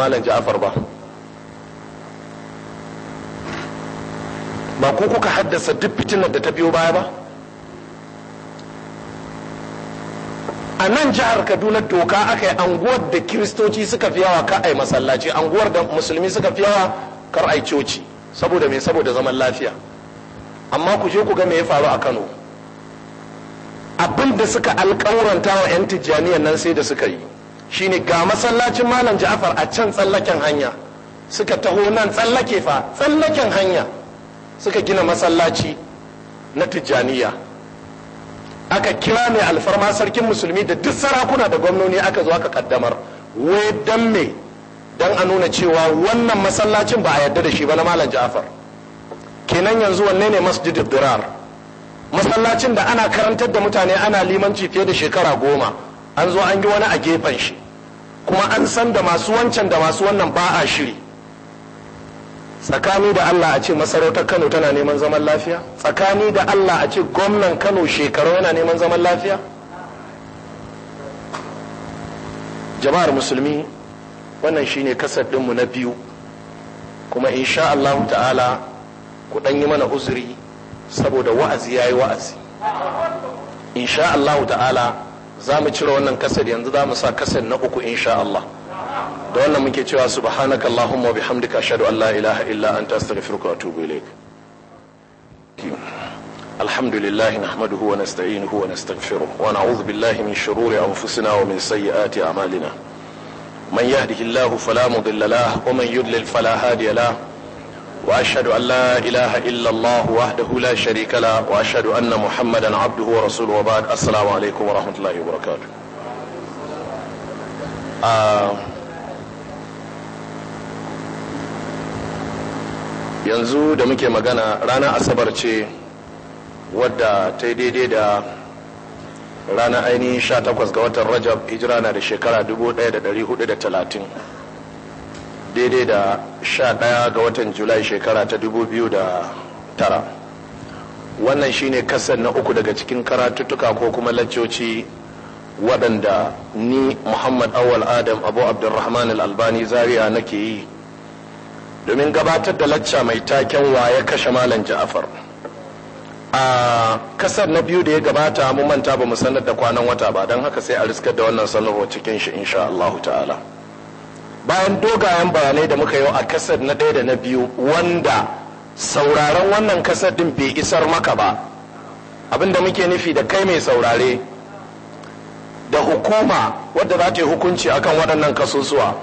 malam ja'afar ba ba ko kuka haddasa duk fitinar da ta biyo baya ba a nan jihar kaduna doka aka yi anguwar da kiristoci suka fi yawa ka ai masallaci anguwar da musulmi suka fi yawa kar ai coci saboda me saboda zaman lafiya amma ku je ku ga me ya faru a kano abinda suka alkawuranta wa 'yan tijjaniyar nan sai da suka yi shine ga masallacin malam ja'afar a can tsallaken hanya suka taho nan tsallake fa tsallaken hanya suka gina masallaci na tijjaniya aka kira mai alfarma sarkin musulmi da duk sarakuna da gwamnoni aka zo aka kaddamar wai dan me dan a nuna cewa wannan masallacin ba a yarda da shi ba na malam ja'afar kenan yanzu wanne ne masjidul durar masallacin da ana karantar da mutane ana limanci fiye da shekara goma an zo an yi wani a gefen shi kuma an san da masu wancan da masu wannan ba a shiri tsakani da Allah a ce masarautar Kano tana neman zaman lafiya tsakani da Allah a ce gwamnan Kano shekaru yana neman zaman lafiya jama'ar musulmi wannan shine kasar ɗinmu na biyu kuma insha Allah ta'ala ku ɗan yi mana uzuri saboda wa'azi yayi wa'azi insha Allah ta'ala za mu cire wannan kasar yanzu za mu sa kasar na uku insha Allah da wannan muke cewa subhanaka Allahumma wa bihamdika ashhadu an la ilaha illa anta astaghfiruka wa atubu ilaik alhamdulillah nahmaduhu wa nasta'inuhu wa nastaghfiruh wa na'udhu billahi min shururi anfusina wa min sayyiati a'malina man yahdihillahu fala mudilla lahu wa man yudlil fala hadiya lahu واشهد ان لا اله الا الله وحده لا شريك له واشهد ان محمدا عبده ورسوله وبعد السلام عليكم ورحمه الله وبركاته yanzu da muke magana ranar asabar ce wadda ta yi daidai da ranar ainihin 18 ga watan rajab hijira na da shekara 1430 daidai da sha ɗaya ga watan julai shekara ta dubu biyu da tara wannan shine kasar na uku daga cikin karatuttuka ko kuma laccoci waɗanda ni muhammad awal adam abu abdulrahman al-albani zaria nake yi domin gabatar da lacca mai taken ya kashe malam ja'afar a kasar na biyu da ya gabata mu manta ba mu sanar da kwanan wata ba don haka sai a riskar da wannan sanarwa cikin shi insha Allah ta'ala bayan dogayen bayanai da muka yi a kasar na ɗaya da na biyu wanda sauraron wannan kasar din bai isar maka ba abinda muke nufi da kai mai saurare da hukuma wadda za ta yi hukunci akan waɗannan kasusuwa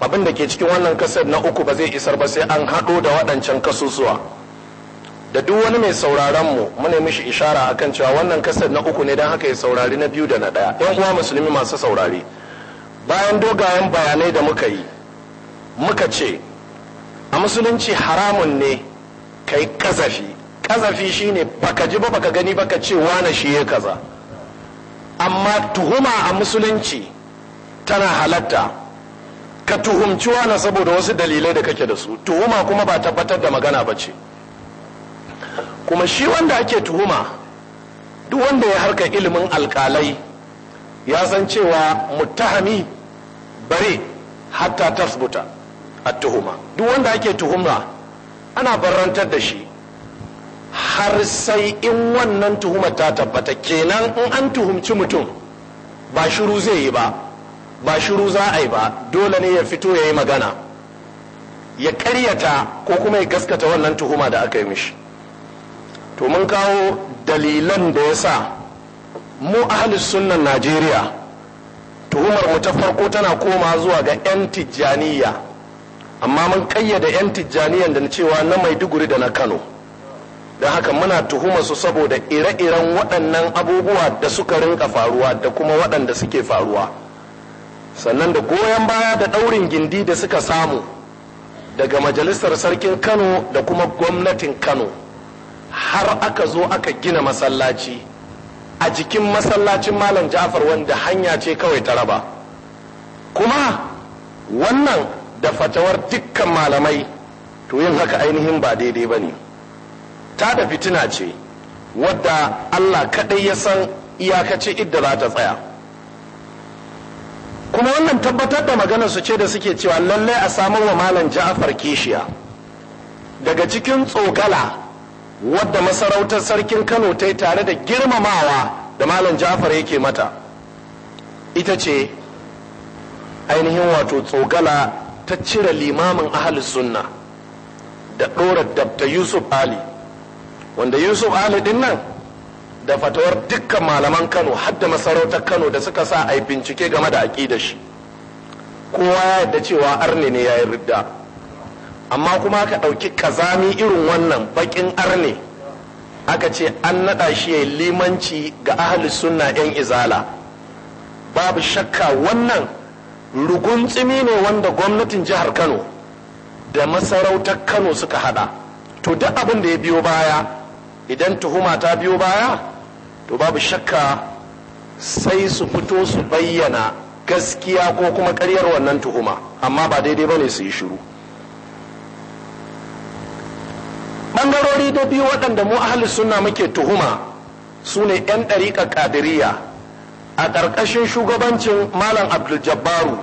abin da ke cikin wannan kasar na uku ba zai isar ba sai an haɗo da waɗancan kasusuwa da duk wani mai sauraron mu muna mishi ishara akan cewa wannan kasar na uku ne don haka ya saurari na biyu da na ɗaya yan uwa musulmi masu saurari bayan dogayen bayanai da muka yi muka ce a musulunci haramun ne ka yi kazafi kazafi shine baka ji ba baka gani baka ce wane shi ya kaza amma tuhuma a musulunci tana halatta ka tuhumci wane saboda wasu dalilai da kake da su tuhuma kuma ba tabbatar da magana ba ce kuma shi wanda ake tuhuma duk wanda ya harka ilimin alkalai ya san cewa muttahami bari hatta tasbuta a tuhuma duk wanda ake tuhuma ana barantar da shi har sai in wannan tuhuma ta tabbata kenan in an tuhumci mutum ba shiru zai yi ba ba shiru za a yi ba dole ne ya fito ya yi magana ya karyata ko kuma ya gaskata wannan tuhuma da aka yi mishi to mun kawo dalilan da ya sa mu ahalus sunnan najeriya tuhumar mu ta farko tana koma zuwa ga 'yan tijjaniya amma mun kayyada 'yan tijjaniya da cewa na maiduguri da na kano don haka muna tuhumar su saboda ire-iren waɗannan abubuwa da suka rinka faruwa da kuma waɗanda suke faruwa sannan da goyon baya da ɗaurin gindi da suka samu daga majalisar sarkin kano da kuma gwamnatin kano har aka zo aka gina masallaci. a jikin masallacin malam ja'far wanda hanya ce kawai ta raba kuma wannan da fatawar dukkan malamai to yin haka ainihin ba daidai ba ne ta da fitina ce wadda allah kaɗai ya san iyakaci idda za ta tsaya kuma wannan tabbatar da maganar su ce da suke cewa lallai a samar wa malam ja'far kishiya daga cikin tsogala wadda masarautar sarkin kano ta yi tare da girmamawa da malam jafar yake mata ita ce ainihin wato tsogala ta cire limamin ahalus sunna da ɗora dabta yusuf ali wanda yusuf ali din nan da fatawar dukkan malaman kano hadda masarautar kano da suka sa a yi bincike game da aƙidashi shi kowa ya yadda cewa arne ne ya yi ridda amma kuma ka ɗauki kazami irin wannan baƙin arne aka ce an naɗa shi ya limanci ga ahli sunna 'yan izala babu shakka wannan rugun tsimi ne wanda gwamnatin jihar kano da masarautar kano suka hada to duk abin da ya biyo baya idan tuhuma ta biyo baya to babu shakka sai su fito su bayyana gaskiya ko kuma karyar wannan tuhuma amma ba daidai ba ne su yi shiru ɓangarori da biyu waɗanda mu ahli sunna muke tuhuma su ne 'yan ɗariƙa ƙadiriya a ƙarƙashin shugabancin malam abdul jabbaru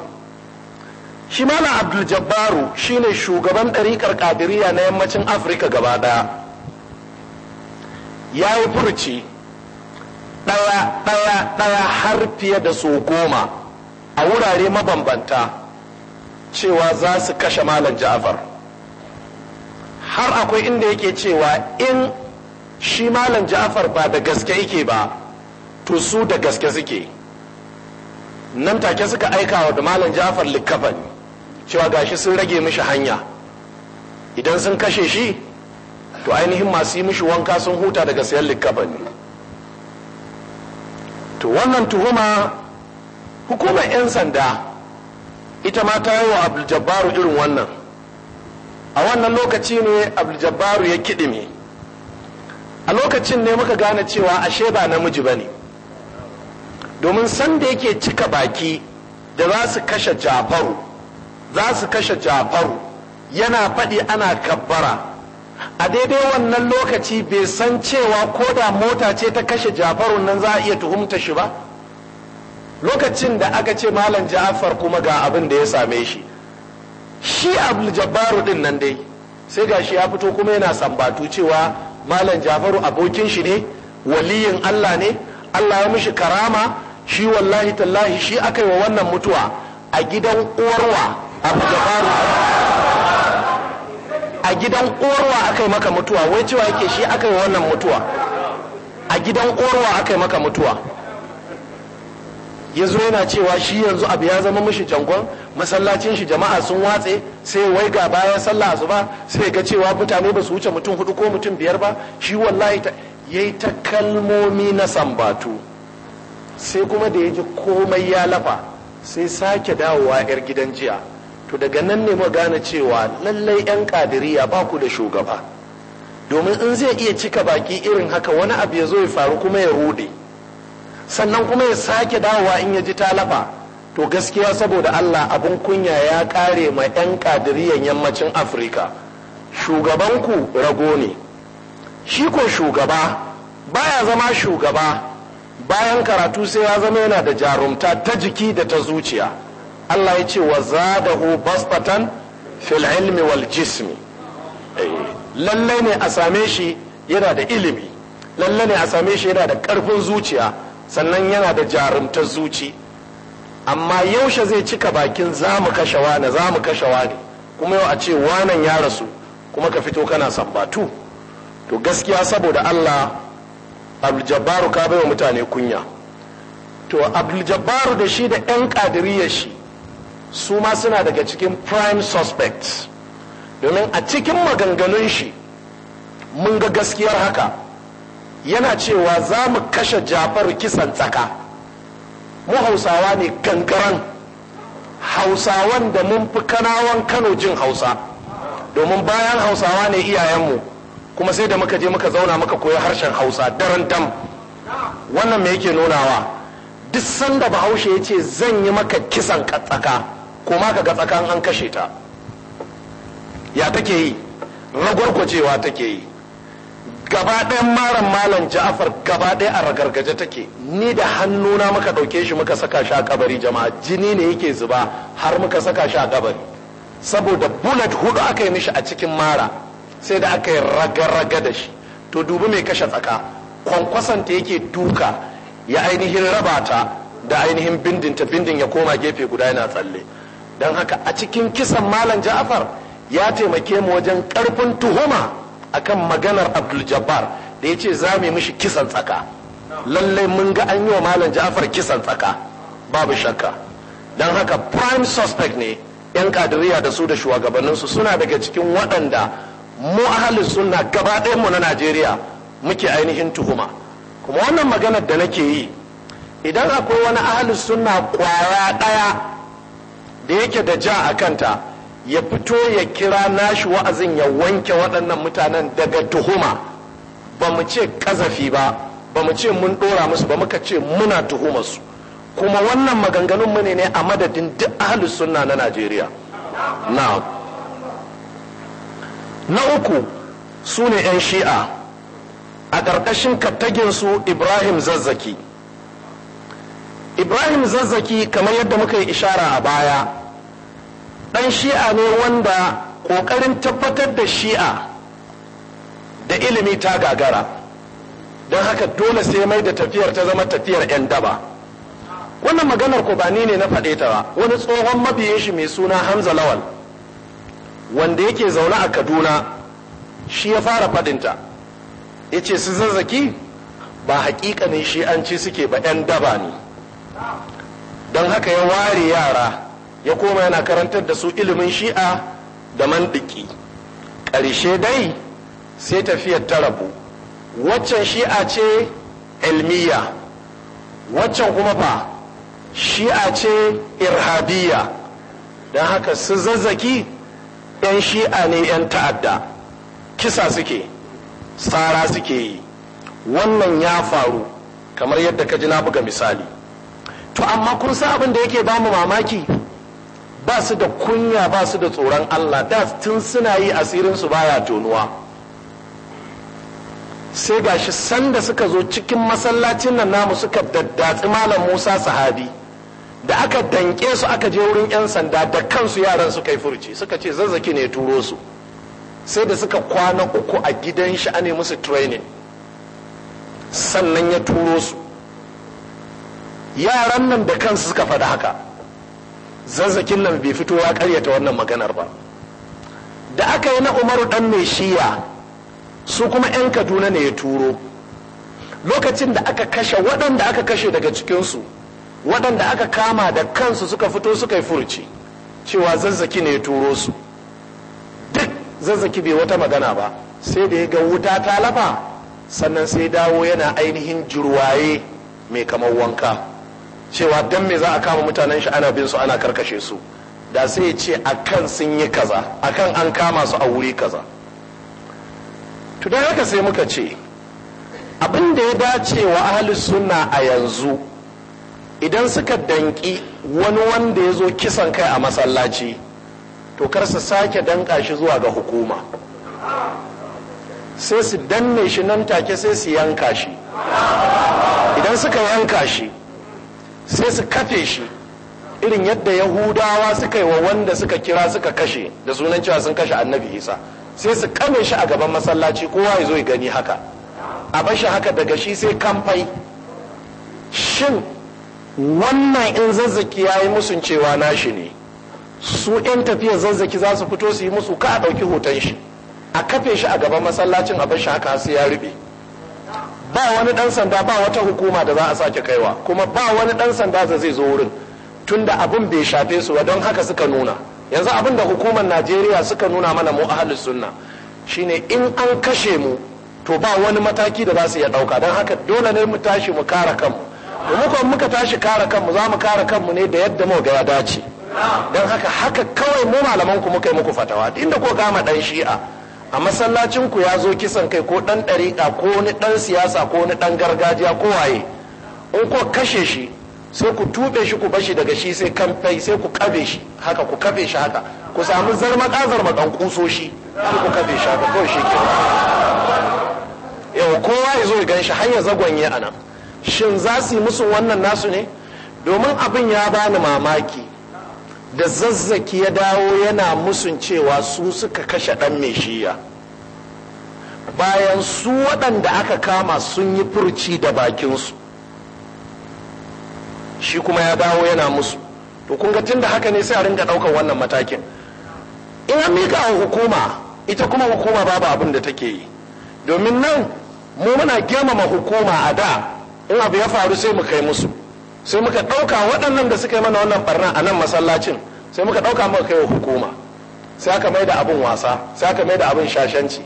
shi malam abdul jabbaru ne shugaban ɗariƙar ƙadiriya na yammacin afirka gaba ɗaya ya yi furci ɗaya ɗaya har fiye da so goma a wurare mabambanta cewa za su kashe malam ja'far har akwai inda yake cewa in shi malam ja'far ba da gaske yake ba to su da gaske suke nan take suka aika wa da malam ja'far likafan cewa gashi sun rage mishi hanya idan sun kashe shi to ainihin masu yi mishi wanka sun huta daga sayan likafan. to wannan tuhuma hukumar 'yan sanda ita ma ta yi wa abdul jabbaru irin wannan a wannan lokaci ne abdul ya kiɗime a lokacin ne muka gane cewa ashe ba namiji ba ne domin sanda yake cika baki da za su kashe jafaru za su kashe jafaru yana faɗi ana kabbara a daidai wannan lokaci bai san cewa ko da mota ce ta kashe jafaru nan za a iya tuhumta shi ba lokacin da aka ce malam ja'afar kuma ga abin da ya same shi shi abul jabbaru din nan dai sai gashi ya fito kuma yana sambatu cewa malam jafaru abokin shi ne waliyin allah ne allah ya mishi karama shi wallahi tallahi shi aka yi wa wannan mutuwa a gidan uwarwa abu a gidan uwarwa aka yi maka mutuwa wai cewa yake shi aka yi wa wannan mutuwa a gidan uwarwa aka yi maka mutuwa ya zo yana cewa shi yanzu abu ya zama mishi jangon masallacin shi jama'a sun watse sai wai ga bayan sallah su ba sai ga cewa mutane ba su wuce mutum hudu ko mutum biyar ba shi wallahi ya yi ta kalmomi na sambatu sai kuma da ya ji komai ya lafa sai sake dawowa 'yar gidan jiya to daga nan ne mu gane cewa lallai 'yan kadiriya ba ku da shugaba domin in zai iya cika baki irin haka wani abu ya zo ya faru kuma ya rude sannan kuma ya sake dawowa in ya ji talafa to gaskiya saboda allah abin kunya ya kare ma 'yan kadiriyar yammacin afirka shugabanku rago ne shi ko shugaba baya zama shugaba bayan karatu sai ya zama yana da jarumta ta jiki da ta zuciya allah ya ce wa zadahu bastatan fil ilmi wal jismi eh, lallai ne a same shi yana da ilimi lallai ne a same shi yana da karfin zuciya sannan yana da jarumtar zuci amma yaushe zai cika bakin za mu kashe wane za mu kashe wane kuma yau a ce wanan ya rasu kuma ka fito kana sambatu to gaskiya saboda allah abdul ka baiwa mutane kunya to abdul da shi da 'yan kadiriyar shi su ma suna daga cikin prime suspects domin a cikin maganganun shi mun ga gaskiyar haka yana cewa za mu kashe jafar kisan tsaka mu hausawa ne gangaran hausawan da mun fi kanawan kano jin hausa domin bayan hausawa ne iyayenmu kuma sai da muka je muka zauna muka koyi harshen hausa daren dam wannan me yake nunawa duk sanda bahaushe ya ce zan yi maka kisan tsaka kuma ka ga tsakan an kashe ta ya take yi ragwargwajewa take yi Gabaɗayan maran malam ja'afar gaba ɗaya a ragargaje take ni da hannuna muka ɗauke shi muka saka shi a kabari jama'a jini ne yake zuba har muka saka shi a kabari saboda bullet hudu aka yi mishi a cikin mara sai da aka yi raga da shi to dubi mai kashe tsaka ta yake duka ya ainihin raba ta da ainihin bindin ta bindin ya koma gefe guda yana tsalle don haka a cikin kisan malam ja'afar ya taimake mu wajen karfin tuhuma akan maganar abdul jabbar da ya ce za mu yi mishi kisan tsaka lallai mun ga an yi wa malam ja'far kisan tsaka babu shakka don haka prime suspect ne yan kadiriya da su da shugabanninsu suna daga cikin waɗanda mu ahalin sunna gaba mu na najeriya muke ainihin tuhuma kuma wannan maganar da nake yi idan akwai wani ahalin sunna ƙwara ɗaya da yake da ja a kanta ya fito ya kira nashi wa'azin ya wanke waɗannan mutanen daga tuhuma ba mu ce ƙazafi ba ba mu ce mun ɗora musu ba muka ce muna tuhumarsu kuma wannan maganganun mu ne a madadin duk ahalus sunna na najeriya na uku su ne 'yan shi'a a ƙarƙashin su ibrahim zazzaki ibrahim zazzaki kamar yadda muka yi ishara a baya ɗan shi'a ne wanda ƙoƙarin tabbatar da shi'a da ilimi ta gagara don haka dole sai mai da tafiyar ta zama tafiyar 'yan daba wannan maganar ko ba ni ne na faɗe ta ba wani tsohon mabiyin shi mai suna hamza lawal wanda yake zaune a kaduna shi ya fara faɗinta ya ce su zazzaki ba haƙiƙanin shi'anci suke ba 'yan daba ne don haka ya ware yara ya koma yana karantar da su ilimin shi'a da mandiki ƙarshe dai sai tafiyar ta rabu waccan shi'a ce ilmiya waccan kuma ba shi'a ce irhabiya don haka su zazzaki 'yan shi'a ne 'yan ta'adda kisa suke tsara suke yi wannan ya faru kamar yadda ka ji na buga misali to amma kun san abin da yake bamu mamaki ba su da kunya ba su da tsoron Allah da tun suna yi asirinsu baya tonuwa sai gashi sanda suka zo cikin masallacin nan namu suka daddatsi malam Musa sahabi da aka danke su aka je wurin 'yan sanda da kansu yaran suka yi furci suka ce zazzaki ne turo su sai da suka kwana uku a gidan shi nemi su training sannan ya turo su yaran nan da kansu suka faɗi haka zazzakin nan bai fito ya ta wannan maganar ba da aka yi na umaru dan mai shiya su kuma 'yan kaduna ne ya turo lokacin da aka kashe waɗanda aka kashe daga cikinsu waɗanda aka kama da kansu suka fito suka yi furci cewa zazzaki ne ya turo su duk zazzaki bai wata magana ba sai da ya ga wuta ta lafa sannan sai dawo yana ainihin jirwaye mai kamar wanka. cewa dan me za a kama mutanen shi ana bin su ana karkashe su da sai ya ce akan sun yi kaza akan an kama su a wuri kaza Tudan haka sai muka ce abin da ya dace wa ahalus sunna a yanzu idan suka danki wani wanda ya zo kisan kai a masallaci to kar su sake danka shi zuwa ga hukuma sai su danne shi nan take sai su yanka shi idan suka yanka shi sai su kafe shi irin yadda yahudawa suka yi wa wanda suka kira suka kashe da sunan cewa sun kashe annabi isa sai su kame shi a gaban masallaci kowa ya zo ya gani haka a bashi haka daga shi sai kamfai shin wannan in zazzaki ya yi musun cewa nashi ne su 'yan tafiyar zazzaki za su fito su yi musu ka a ɗauki hoton shi a kafe shi a gaban masallacin a bashi haka sai ya rube ba wani dan sanda ba wata hukuma da za a sake kaiwa kuma ba wani dan sanda da zai zo wurin tunda abin bai shafe su ba don haka suka nuna yanzu abin da hukumar najeriya suka nuna mana mu ahalus sunna shine in an kashe mu to ba wani mataki da za su iya ɗauka don haka dole ne mu tashi mu kare kanmu domin kuma muka tashi kare kanmu za mu kare kanmu ne da yadda mu ga ya dace don haka haka kawai mu malaman ku muka yi muku fatawa inda ko gama dan shi'a a masallacinku ya zo kisan kai ko ɗan ɗariƙa ko wani dan siyasa ko wani dan gargajiya ko waye in ko kashe shi sai ku tuɓe shi ku bashi daga shi sai kamfai sai ku kabe shi haka ku kabe shi haka ku samu shi sai ku kabe shi haka kawai shi ke yau kowa ya zo ya gan shi har ya zagwanye a nan shin za su yi musu wannan nasu ne domin abin ya bani mamaki da zazzaki ya dawo yana musun cewa su suka kashe ɗan mai shiya bayan su waɗanda aka kama sun yi furci da bakinsu shi kuma ya dawo yana musu to kun tun da haka ne sai a ringa ɗaukar wannan matakin in an mika a hukuma ita kuma hukuma babu abin da take yi domin nan mu muna girmama hukuma a da in abu ya faru sai mu kai musu sai muka ɗauka waɗannan da suka yi mana wannan barna a nan masallacin sai muka ɗauka muka kai wa hukuma sai aka mai da abin wasa sai aka mai da abin shashanci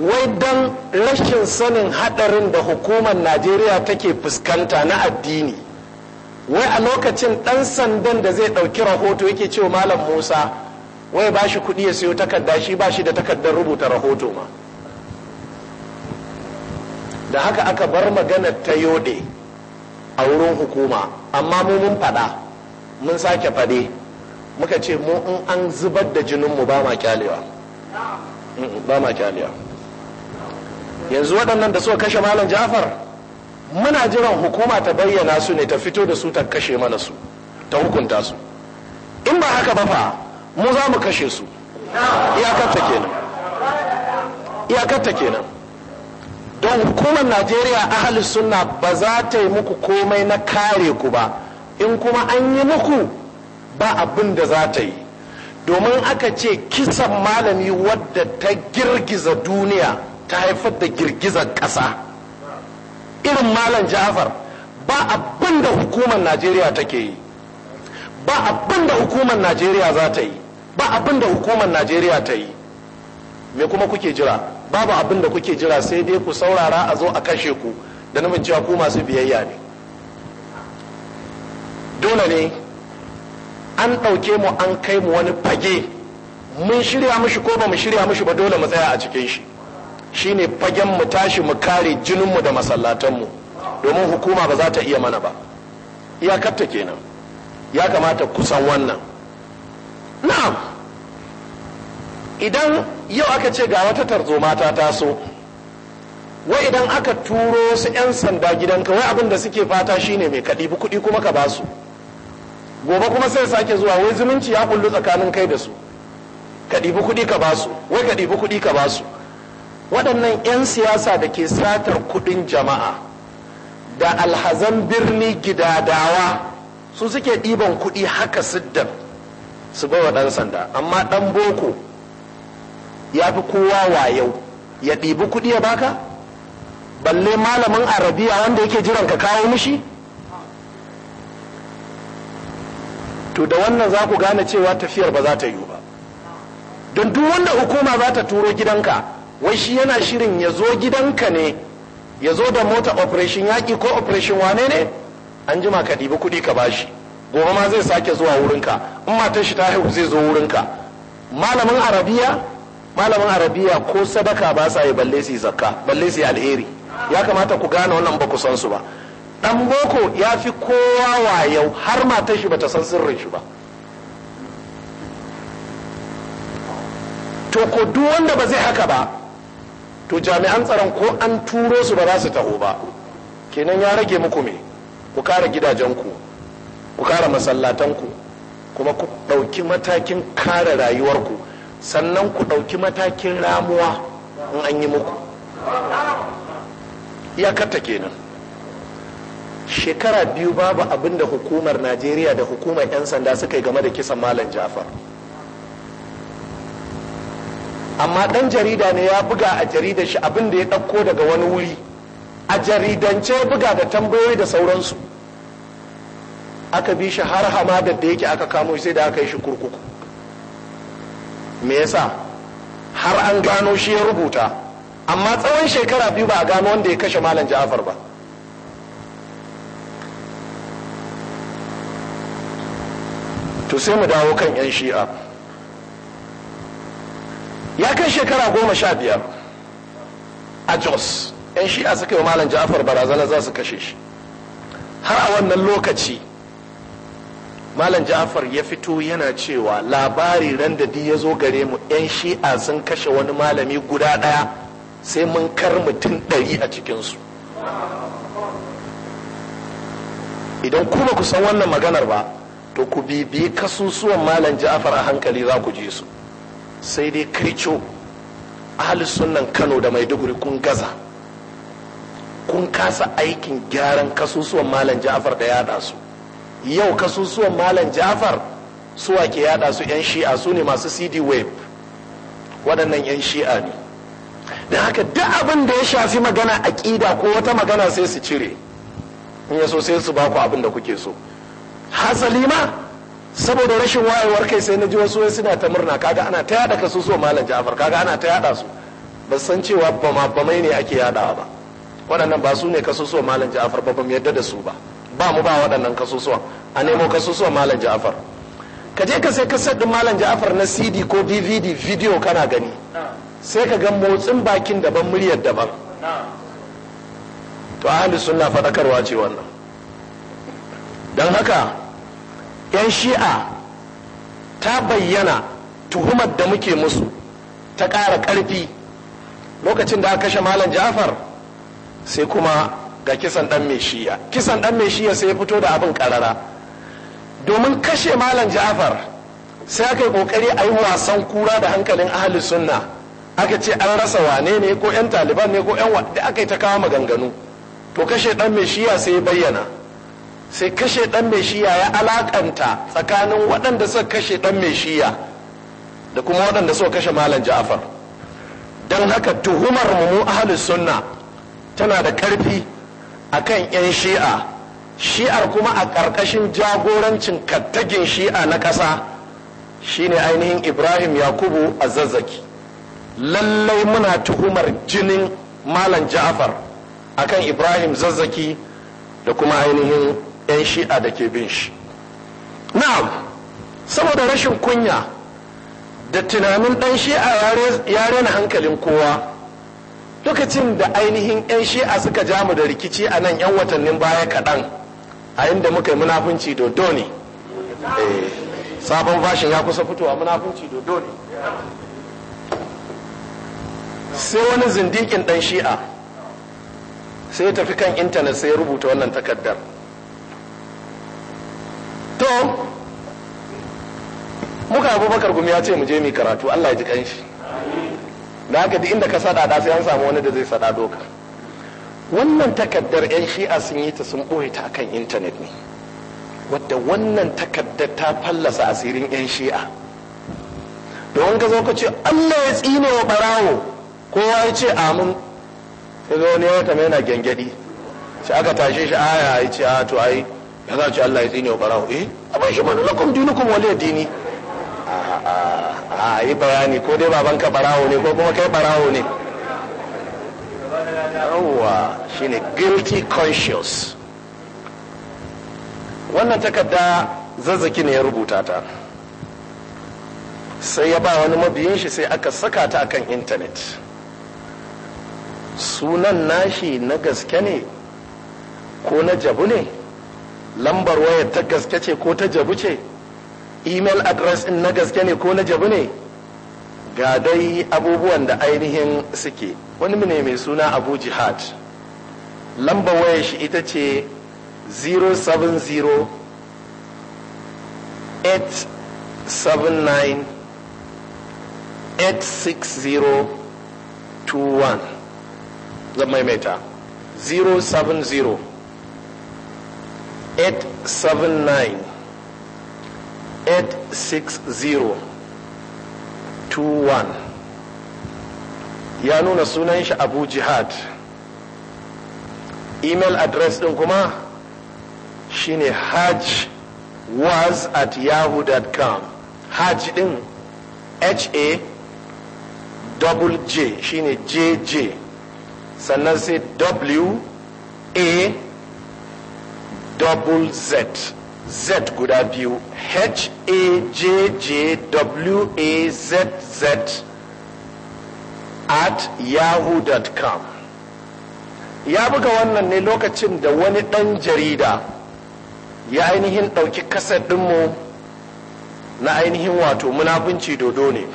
wai dan rashin sanin haɗarin da hukumar najeriya take fuskanta na addini wai a lokacin ɗan sandan da zai ɗauki rahoto yake cewa malam musa wai ba shi kuɗi ya siyo takarda shi ba shi da takardar rubuta rahoto ma da haka aka bar magana ta yode a wurin hukuma amma mu mun faɗa mun sake faɗe muka ce mu in an zubar da jininmu ba ma kyalewa ba ma kyalewa yanzu waɗannan da suka kashe malam jafar muna jiran hukuma ta bayyana su ne ta fito da su ta kashe mana su ta hukunta su in ba haka ba fa mu za mu kashe su iyakarta kenan iyakarta kenan don hukumar najeriya ahalus sunna ba za ta yi muku komai na kare ku ba in kuma an yi muku ba abin da za ta yi domin aka ce kisan malami wadda ta girgiza duniya ta haifar da girgizar ƙasa irin malam jafar ba abin da hukumar najeriya take yi ba abin da hukumar najeriya za ta yi ba abin da hukumar najeriya ta yi me kuma kuke jira babu abin da kuke jira sai dai ku saurara a zo a kashe ku da nufin cewa ku masu biyayya ne dole ne an ɗauke mu an kai mu wani fage mun shirya mushi ko ba mu shirya mushi ba dole mu tsaya a cikin shi shine fagen mu tashi mu kare jininmu da masallatanmu domin hukuma ba za ta iya mana ba iyakarta kenan ya kamata kusan wannan na'am idan yau aka ce ga wata tarzoma ta so wai idan aka turo su 'yan sanda gidanka wai abin da suke fata shine mai kaɗi kuɗi kuma ka basu gobe kuma sai sake zuwa wai zumunci ya kullu tsakanin kai da su ka kuɗi ka basu wai ka ɗibi kuɗi ka basu waɗannan 'yan siyasa da ke satar kuɗin jama'a da alhazan birni gidadawa su suke ɗiban kuɗi haka siddar su bai wa ɗan sanda amma ɗan boko ya fi kowa wayau ya ɗibi kuɗi ya baka balle malamin arabiya wanda yake jiran ka kawo mishi to da wannan za ku gane cewa tafiyar ba za ta yiwu ba don duk wanda hukuma za ta turo gidanka wai shi yana shirin ya zo gidanka ne ya zo da mota operation yaƙi ko operation wane ne an jima ka ɗibi kuɗi ka bashi gobe ma zai sake zuwa wurinka in matar shi ta haihu zai zo wurinka malamin arabiya malaman arabiya ko sadaka ba sa yi balle su zakka balle su alheri ya kamata ku gane wannan ba ku san su ba dan boko ya fi kowa wayau har matar shi bata san sirrin shi ba to ko duk wanda ba zai haka ba to jami'an tsaron ko an turo su ba za su taho ba kenan ya rage muku me ku kara gidajen ku kare ku kuma ku ɗauki matakin kare rayuwarku sannan ku ɗauki matakin ramuwa in an yi muku kata kenan shekara biyu babu abin da hukumar najeriya da hukumar 'yan sanda suka yi game da kisan malam jafar amma ɗan jarida ne ya buga a jaridar shi abin da ya ɗauko daga wani wuri a jaridance ya buga da tambayoyi da sauransu aka bi shi har hamadar da yake aka kamo sai da aka yi shi kurkuku me yasa har an gano shi ya rubuta amma tsawon shekara biyu ba a gano wanda ya kashe malam ja'afar ba to sai mu dawo kan 'yan shi'a ya kai shekara goma sha biyar a jos 'yan shi'a suka yi malam ja'afar barazana za su kashe shi har a wannan lokaci malam ja'far ya fito yana cewa labari ran da ya zo gare mu 'yan shi'a sun kashe wani malami guda ɗaya sai mun kar mutum ɗari a cikinsu idan ku baku ku san wannan maganar ba to ku bibiyi kasusuwan malam ja'far a hankali za ku je su sai dai kirco ahli sunnan kano da maiduguri kun gaza kun kasa aikin gyaran kasusuwan malam ja'far da yada su yau kasusuwan malam jafar suwa ke yada su 'yan shi'a su ne masu cd wave waɗannan 'yan shi'a ne da haka duk abin da ya shafi magana aƙida ko wata magana sai su cire in ya so sai su baku abin da kuke so hasali ma saboda rashin wayewar kai sai na ji wasu suna ta murna kaga ana ta yada kasusuwan malam jafar kaga ana ta yada su ba san cewa ba bamai ne ake yadawa ba waɗannan ba su ne kasusuwan malam jafar ba ba mu yadda da su ba ba mu ba waɗannan kasusuwa, a nemo kasusuwa malam ja'afar ka je ka sai kasar din malam ja'afar na cd ko dvd video kana gani sai ka ga motsin bakin daban muryar daban to ahli sunna faɗakarwa ce wannan don haka 'yan shi'a ta bayyana tuhumar da muke musu ta ƙara ƙarfi lokacin da aka kashe malam ja'afar sai kuma ga kisan dan mai shiya kisan dan mai shiya sai ya fito da abin karara domin kashe malam ja'far sai aka yi kokari a yi wasan kura da hankalin ahli sunna aka ce an rasa wane ne ko yan taliban ne ko yan da aka yi ta kawo maganganu to kashe dan mai shiya sai ya bayyana sai kashe dan mai shiya ya alakanta tsakanin waɗanda suka kashe dan mai shiya da kuma waɗanda suka kashe malam ja'far don haka tuhumar mu ahli sunna tana da karfi akan 'yan shi'a shi'ar kuma a ƙarƙashin jagorancin kattakin shi'a na ƙasa shine ainihin ibrahim yakubu a zazzaki lallai muna tuhumar jinin malam Jafar, akan ibrahim zazzaki da kuma ainihin 'yan shi'a da ke bin shi na'am saboda rashin kunya da tunanin ɗan shi'a ya rena hankalin kowa lokacin da ainihin 'yan shi'a suka ja mu da rikici a nan 'yan watannin baya kaɗan a inda muka yi munafunci dodo ne eh, sabon bashin ya kusa fitowa munafunci dodo ne sai wani zindikin ɗan shi'a sai ya tafi kan intanet sai ya rubuta wannan takaddar to muka abubakar gumi ya ce mu je mu karatu allah ya ji kanshi da haka duk inda ka sadada sai an samu wani da zai sadado doka wannan takaddar 'yan shi'a sun yi ta sun ɓoye ta kan intanet ne wadda wannan takaddar ta fallasa asirin 'yan shi'a Da ka zo ka ce allah ya tsine wa barawo kowa ya ce amin sai zo ne wata mai yana gyangyaɗi sai aka tashe shi aya ya ce a to ai ya za ce allah ya tsine wa barawo eh abin shi ba lakum dinukum waliya dini a yi bayani ko dai babanka barawo ne ko kuma kai barawo ne yawwa shine guilty conscious wannan takarda zazzaki ne ya rubuta ta sai ya ba wani mabiyin shi sai aka saka ta akan intanet sunan nashi na gaske ne ko na jabu ne lambar wayar ta gaske ce ko ta jabu ce email address in na gaske ne ko na jabu ne ga dai abubuwan da ainihin suke wani ne mai suna abu jihad lambar waya shi ita ce 070 879 86021 zan maimaita 070 879 86021 ya nuna sunan shi abu jihad email address din kuma shine hajj was at yahoo.com hajj din ha double j shine jj sannan sai w a double z z guda biyu h a j j w a z z at yahoo.com ya buga wannan ne lokacin da wani ɗan jarida ya ainihin ɗauki kasar ɗinmu na ainihin wato munafunci dodo ne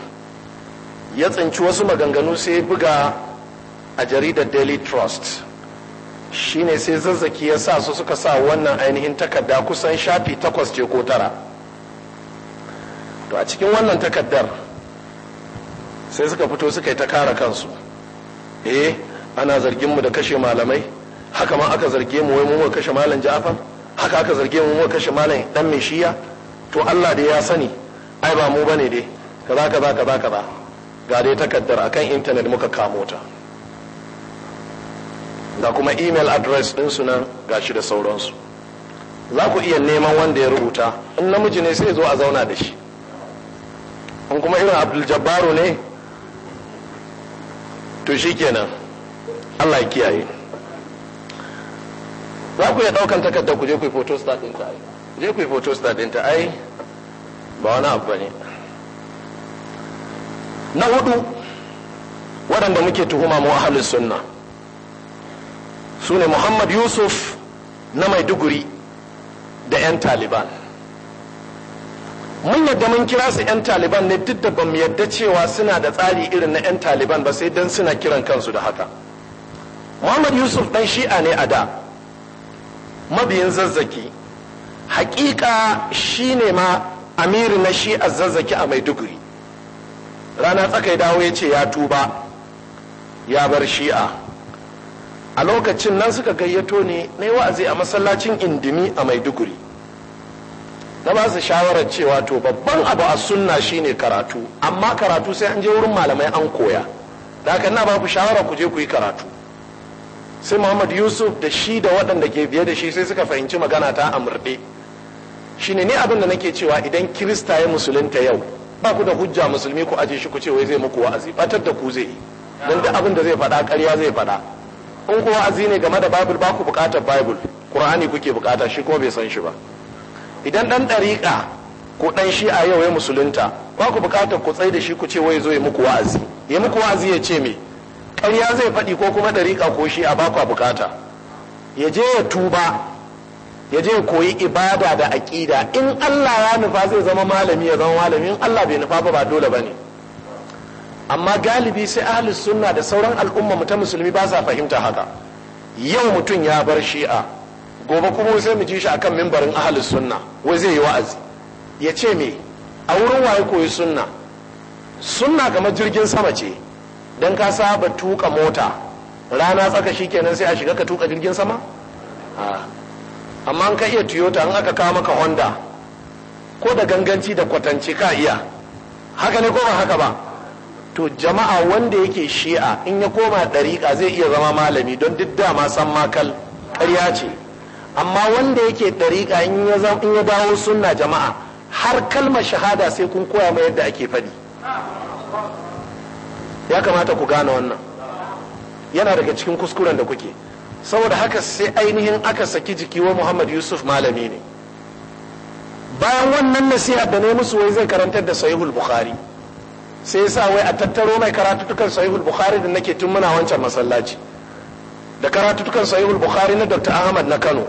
ya tsinci wasu maganganu sai buga a jaridar daily trust shine sai zazzaki ya sa su suka sa wannan ainihin takarda kusan shafi takwas ce ko tara to a cikin wannan takardar sai suka fito suka yi ta kare kansu eh ana zargin mu da kashe malamai haka ma aka zarge mu wai mu muka kashe malam Ja'far haka aka zarge mu muka kashe malam dan mai shiya to Allah da ya sani ai ba mu bane dai kaza kaza kaza kaza ga dai takaddar akan intanet muka kamo ta ga kuma email address ɗinsu nan gashi da sauransu za ku iya neman wanda ya rubuta in namiji ne sai zo a zauna da shi in kuma irin abdul ne to shi kenan allah ya kiyaye za ku iya ɗaukan takardar ku je ku yi photostat ɗinta ai je ku yi photostat ɗinta ai ba wani abu ba ne na hudu waɗanda muke tuhuma mu ahalin sunna su ne muhammad yusuf na maiduguri da 'yan taliban mun yadda mun kira su 'yan taliban ne duk da ba mu yadda cewa suna da tsari irin na 'yan taliban ba sai don suna kiran kansu da haka muhammad yusuf dan shi'a ne a da mabiyin zazzaki hakika shi ne ma amiri na shi'a zazzaki a maiduguri rana tsakai dawo ya ce ya tuba ya bar shi'a a lokacin nan suka gayyato ne na yi wa'azi a masallacin indimi a maiduguri na ba su shawarar cewa to babban abu a sunna shine karatu amma karatu sai an je wurin malamai an koya da haka na ba ku shawara ku je ku yi karatu sai muhammad yusuf da shi da waɗanda ke biye da shi sai suka fahimci magana ta amurɗe shine ne abin da nake cewa idan kirista ya musulunta yau ba ku da hujja musulmi ku aje shi ku ce wai zai muku wa'azi batar da ku zai yi don duk abin da zai faɗa karya zai faɗa in kuwa wa'azi ne game da bible ba ku bukatar bible qur'ani kuke bukata shi kuma bai san shi ba idan dan dariƙa ko dan a yau ya musulunta ba ku bukatar ku tsaye da shi ku ce wai zo ya muku wa'azi ya ce me ƙarya zai faɗi ko kuma dariƙa ko a ba ku bukata ya je ya tuba ya je koyi ibada da aƙida in Allah ya nufa zai zama malami ya zama malami in Allah bai nufa ba ba dole ne amma galibi sai ahlis sunna da sauran al'umma mu ta musulmi ba sa fahimta haka yau mutum ya bar shi'a gobe kuma sai mu ji shi akan mimbarin ahlis sunna wai zai yi wa'azi ya ce me a wurin waye koyi sunna sunna kamar jirgin sama ce dan ka saba tuka mota rana tsaka shi shikenan sai a shiga ka tuka jirgin sama amma ka iya toyota in aka kawo maka honda ko da ganganci da kwatance ka iya haka ne ko ba haka ba to jama'a wanda yake shi'a in ya koma ɗariƙa zai iya zama malami don duk dama san makal ƙarya ce amma wanda yake ɗariƙa in ya dawo sunna jama'a har kalma shahada sai kun koya mai yadda ake faɗi ya kamata ku gane wannan yana daga cikin kuskuren da kuke saboda haka sai ainihin aka saki jiki wa muhammad yusuf malami ne bayan wannan nasiha da ne musu wai zai karantar da sahihul bukhari sai sa wai a tattaro mai karatutukan sahihul bukhari da nake tun muna wancan masallaci da karatutukan sahihul bukhari na dr ahmad na kano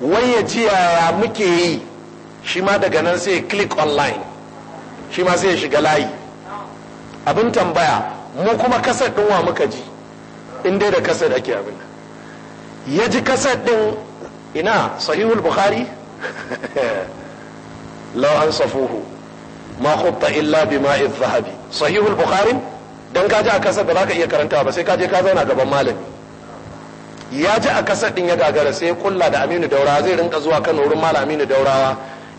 wai ya ji yaya muke yi shi ma daga nan sai click online shi ma sai ya shiga layi abin tambaya mu kuma kasar din wa muka ji in dai da kasar ake abin ya ji kasar din ina sahihul bukhari law an safuhu ma khutta illa ma'i zahabi sahihul bukhari dan ka ji a kasar ba za ka iya karanta ba sai ka je ka zauna gaban malami ya ji a kasar din ya gagara sai ya kulla da aminu daura zai rinka zuwa kan wurin malami aminu daurawa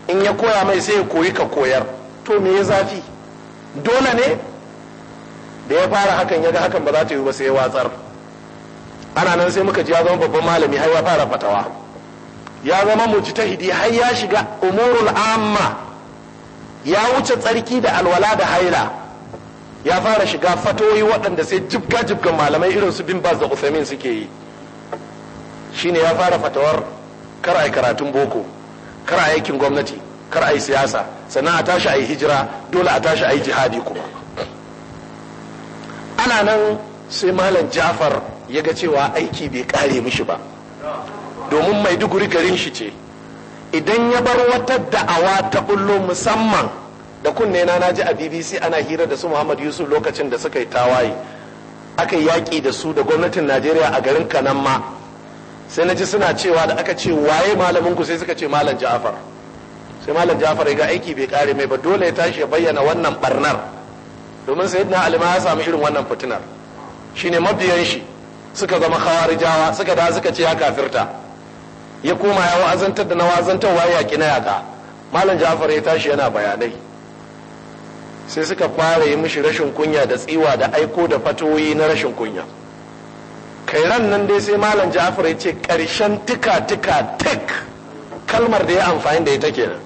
in ya koya mai sai ya koyi ka koyar to me ya zafi dole ne da ya fara hakan ya ga hakan ba za ta yi ba sai ya watsar ana nan sai muka ji ya zama babban malami har ya fara fatawa ya zama mujtahidi har ya shiga umurul amma ya wuce tsarki da alwala da haila ya fara shiga fatoyi waɗanda sai jibga jibgan malamai irin su bimbas da usamin suke yi shine ya fara fatawar kar karatun boko kar a aikin gwamnati kar a siyasa sannan a tashi a yi hijira dole a tashi a yi jihadi kuma ana nan sai malam jafar ya ga cewa aiki bai kare mishi ba domin maiduguri garin shi ce idan ya bar wata da'awa ta bullo musamman da kunne na naji a bbc ana hira da su muhammad yusuf lokacin da suka yi tawaye aka yi yaƙi da su da gwamnatin najeriya a garin kanamma sai na ji suna cewa da aka ce waye malamin ku sai suka ce malam ja'afar sai malam ja'afar ya ga aiki bai kare mai ba dole ya tashi ya bayyana wannan barnar domin sai na alima ya samu irin wannan fitinar shine mabiyan shi suka zama khawarijawa suka da suka ce ya kafirta ya koma ya wa'azantar da na wa'azantar wa yaƙi na yaƙa malam jafar ya tashi yana bayanai sai suka fara yi mishi rashin kunya da tsiwa da aiko da fatoyi na rashin kunya Kai ran nan dai sai malam jafar ya ce ƙarshen tika tika tik kalmar da ya amfani da ita kenan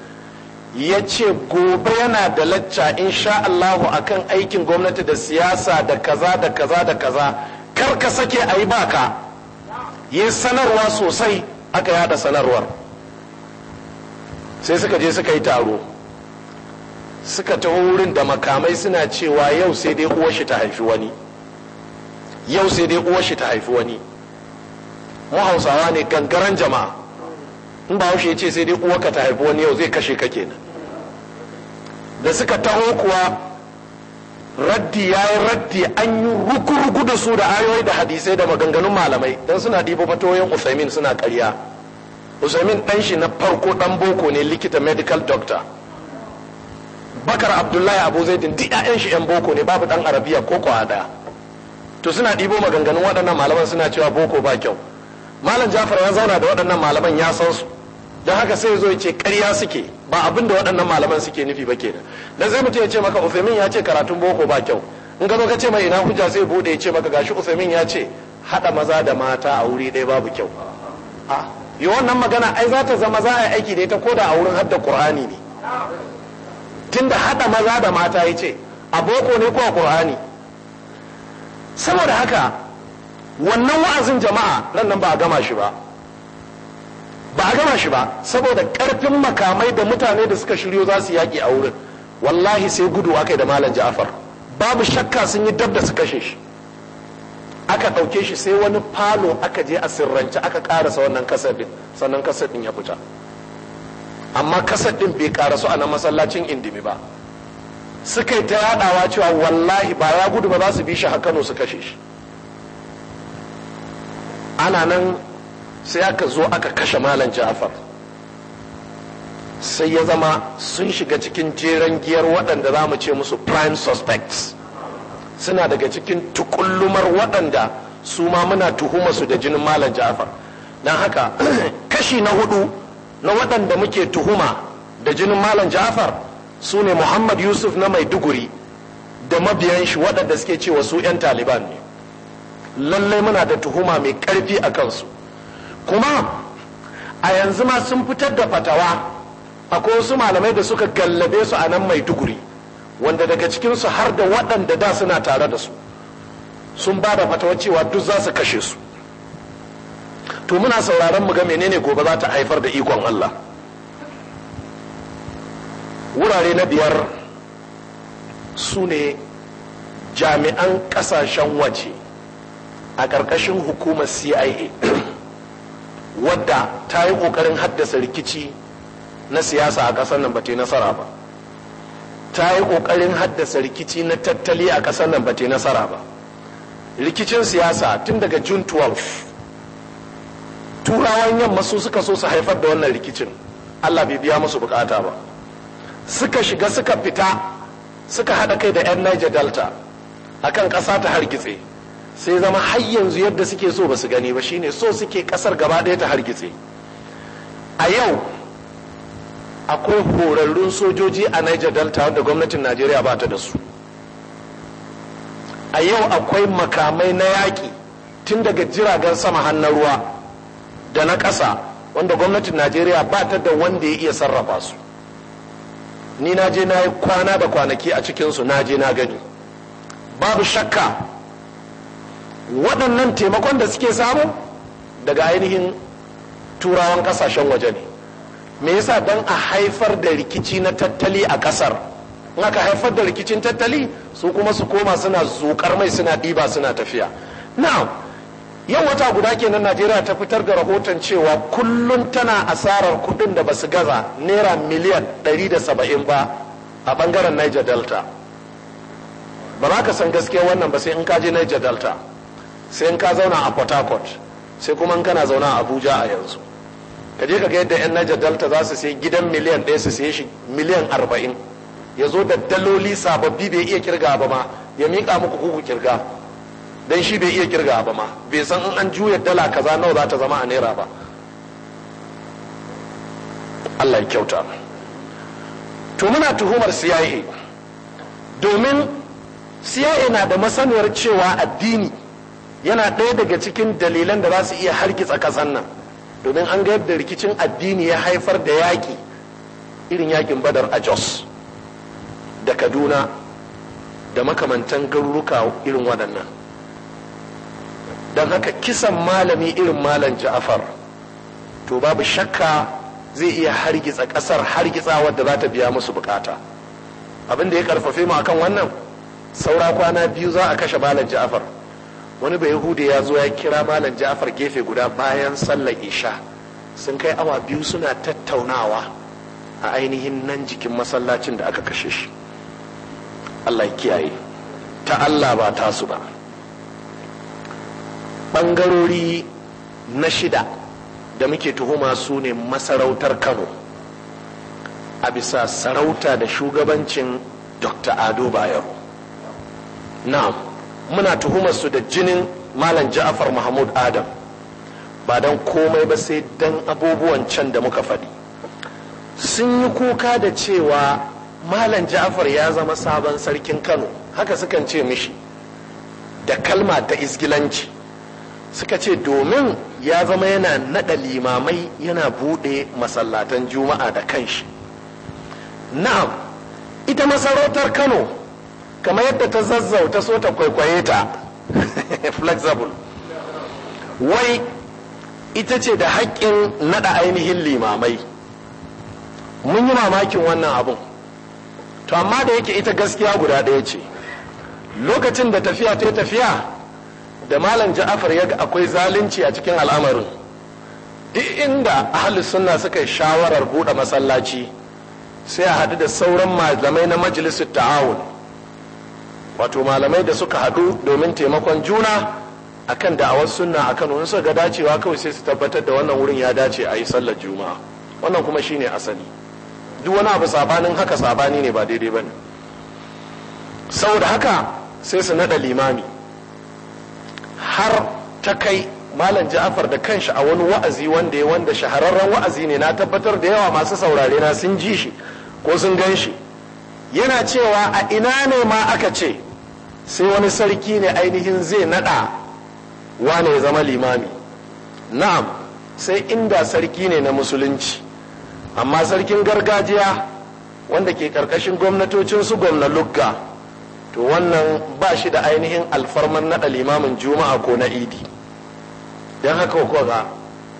ya ce gobe yana da lacca insha Allahu akan aikin gwamnati da siyasa da kaza da kaza da kaza kar ka sake a yi baka yi sanarwa sosai aka yada sanarwar sai suka je suka yi taro suka taho wurin da makamai suna cewa yau sai dai uwar shi ta haifi wani yau sai dai uwar shi ta haifi wani mu hausawa ne gangaren jama'a in ba haushe ce sai dai uwaka ta haifi wani yau zai kashe ka kenan da suka taho kuwa raddi ya yi raddi an yi rukuruku da su da ayoyi da hadisai da maganganun malamai don suna ɗibo fatoyin usaimin suna karya usaimin ɗan shi na farko ɗan boko ne likita medical doctor bakar abdullahi abu zaidin duk 'ya'yan shi 'yan boko ne babu ɗan arabiya ko kwada to suna ɗibo maganganun waɗannan malaman suna cewa boko ba kyau malam jafar ya zauna da waɗannan malaman ya san su don haka sai zo ya ce ƙarya suke ba abin da waɗannan malaman suke nufi ba kenan dan zai mutum ya ce maka Uthaymeen ya ce karatun boko ba kyau in ka zo ka ce mai ina hujja sai bude ya ce maka gashi Uthaymeen ya ce haɗa maza da mata a wuri ɗaya babu kyau a ah, yi wannan magana ai za ta zama za a yi aiki da ita koda a wurin hadda Qur'ani ne tunda haɗa maza da mata ya ce a boko ne ko a Qur'ani saboda haka wannan wa'azin jama'a nan nan ba a gama shi ba ba a gama shi ba saboda karfin makamai da mutane da suka shiryo za su yaƙi a wurin wallahi sai gudu aka yi da malam ja'afar babu shakka sun yi dab da su kashe shi aka ɗauke shi sai wani falo aka je a sirrance aka ƙarasa wannan kasadin sannan kasadin ya fita amma kasadin bai ƙarasu a na masallacin indimi ba suka yi ta yaɗawa cewa wallahi ba ya gudu ba za su bi shi hakano su kashe shi ana nan sai aka zo aka kashe malam ja'far sai ya zama sun shiga cikin jeren giyar waɗanda za mu ce musu prime suspects suna daga cikin tukullumar waɗanda su ma muna tuhuma su da jinin malam ja'far don haka kashi na hudu na waɗanda muke tuhuma da jinin malam ja'far su ne muhammad yusuf na maiduguri da mabiyan shi waɗanda suke cewa su 'yan taliban ne lallai muna da tuhuma mai ƙarfi a kansu kuma a yanzu ma sun fitar da fatawa akwai wasu malamai da suka gallabe su a nan mai tukuri wanda daga cikinsu har da waɗanda da suna tare da su sun ba da fatawa cewa duk za su kashe su to muna sauraron mu ga menene gobe za ta haifar da ikon Allah wurare na biyar su ne jami'an ƙasashen waje a ƙarƙashin hukumar cia wadda ta yi ƙoƙarin haddasa rikici na siyasa a ƙasar nan ba ta yi nasara ba ta yi ƙoƙarin haddasa rikici na tattali a ƙasar nan ba ta yi nasara ba rikicin siyasa tun daga june 12 turawan yamma su suka so su haifar da wannan rikicin allah bai biya musu bukata ba suka shiga suka fita suka haɗa kai da 'yan niger delta akan ƙasa ta hargitse sai zama har yanzu yadda suke so ba su gani ba shine so suke kasar gaba ɗaya ta hargitse a yau akwai horarrun sojoji a niger delta wanda gwamnatin najeriya ba ta da su a yau akwai makamai na yaƙi tun daga jiragen sama hannun ruwa da na ƙasa wanda gwamnatin najeriya ba ta da wanda ya iya sarrafa su ni na je na yi kwana da kwanaki a cikinsu na je na gani babu shakka waɗannan taimakon da suke samu daga ainihin turawan ƙasashen waje ne me yasa don a haifar da rikici na tattali a ƙasar in aka haifar da rikicin tattali su kuma su koma suna zuƙar mai suna ɗiba suna tafiya Na'am, yau wata guda kenan najeriya ta fitar da rahoton cewa kullum tana asarar kudin da basu gaza naira miliyan 170 ba a bangaren niger delta ba za ka san gaskiya wannan ba sai in kaji niger delta sai in ka zauna a port harcourt sai kuma in kana zauna a abuja a yanzu ka je ka ga yadda 'yan Niger Delta za su sai gidan miliyan ɗaya su sai shi miliyan arba'in ya zo da daloli sababbi bai iya kirga ba ma ya miƙa muku kuku kirga don shi bai iya kirga ba ma bai san in an juya dala kaza nawa za ta zama a naira ba Allah ya kyauta to muna tuhumar CIA domin CIA na da masaniyar cewa addini yana ɗaya daga cikin dalilan da za su iya hargitsa ƙasar nan domin an ga yadda rikicin addini ya haifar da yaƙi irin yaƙin badar a jos da kaduna da makamantan garuruka irin waɗannan don haka kisan malami irin malam ja'afar to babu shakka zai iya hargitsa ƙasar hargitsa wadda za ta biya musu bukata abin da ya karfafe mu akan wannan saura kwana biyu za a kashe malam ja'afar wani bai hude ya zo ya kira malam ja'far gefe guda bayan sallar isha sun kai awa biyu suna tattaunawa a ainihin nan jikin masallacin da aka kashe shi allah kiyaye ta allah ba ta su ba ɓangarori na shida da muke tuhuma su ne masarautar kano a bisa sarauta da shugabancin dr ado bayero na'am muna tuhumar su da jinin malam ja'afar mahmud adam ba don komai ba sai don abubuwan can da muka faɗi sun yi kuka da cewa malam ja'afar ya zama sabon sarkin kano haka sukan ce mishi da kalma ta izgilanci, suka ce domin ya zama yana naɗa limamai yana buɗe masallatan juma'a da kanshi na'am ita masarautar kano kamar yadda ta zazzau ta so ta kwaikwaye ta flexible wai ita ce da haƙƙin naɗa ainihin limamai mun yi mamakin wannan abun to amma da yake ita gaskiya guda ɗaya ce lokacin da tafiya ta tafiya da malam ja'afar ya ga akwai zalunci a cikin al'amarin duk inda ahli sunna suka yi shawarar buɗe masallaci sai a haɗu da sauran malamai na majalisar ta'awun wato malamai da suka haɗu domin taimakon juna akan da'awar sunna akan wani suka ga dacewa kawai sai su tabbatar da wannan wurin ya dace a yi sallar juma'a wannan kuma shine asali duk wani abu sabanin haka sabani ne ba daidai ba bane saboda haka sai su naɗa limami har ta kai malam ja'afar da kanshi a wani wa'azi wanda ya wanda shahararren wa'azi ne na tabbatar da yawa masu saurare na sun ji shi ko sun gan shi yana cewa a ina ne ma aka ce sai wani sarki ne ainihin zai nada wane ya zama limami na'am sai inda sarki ne na musulunci amma sarkin gargajiya wanda ke karkashin gwamnatocin su gwamna lugga to wannan ba shi da ainihin alfarman nada limamin juma'a ko na idi don haka kuwa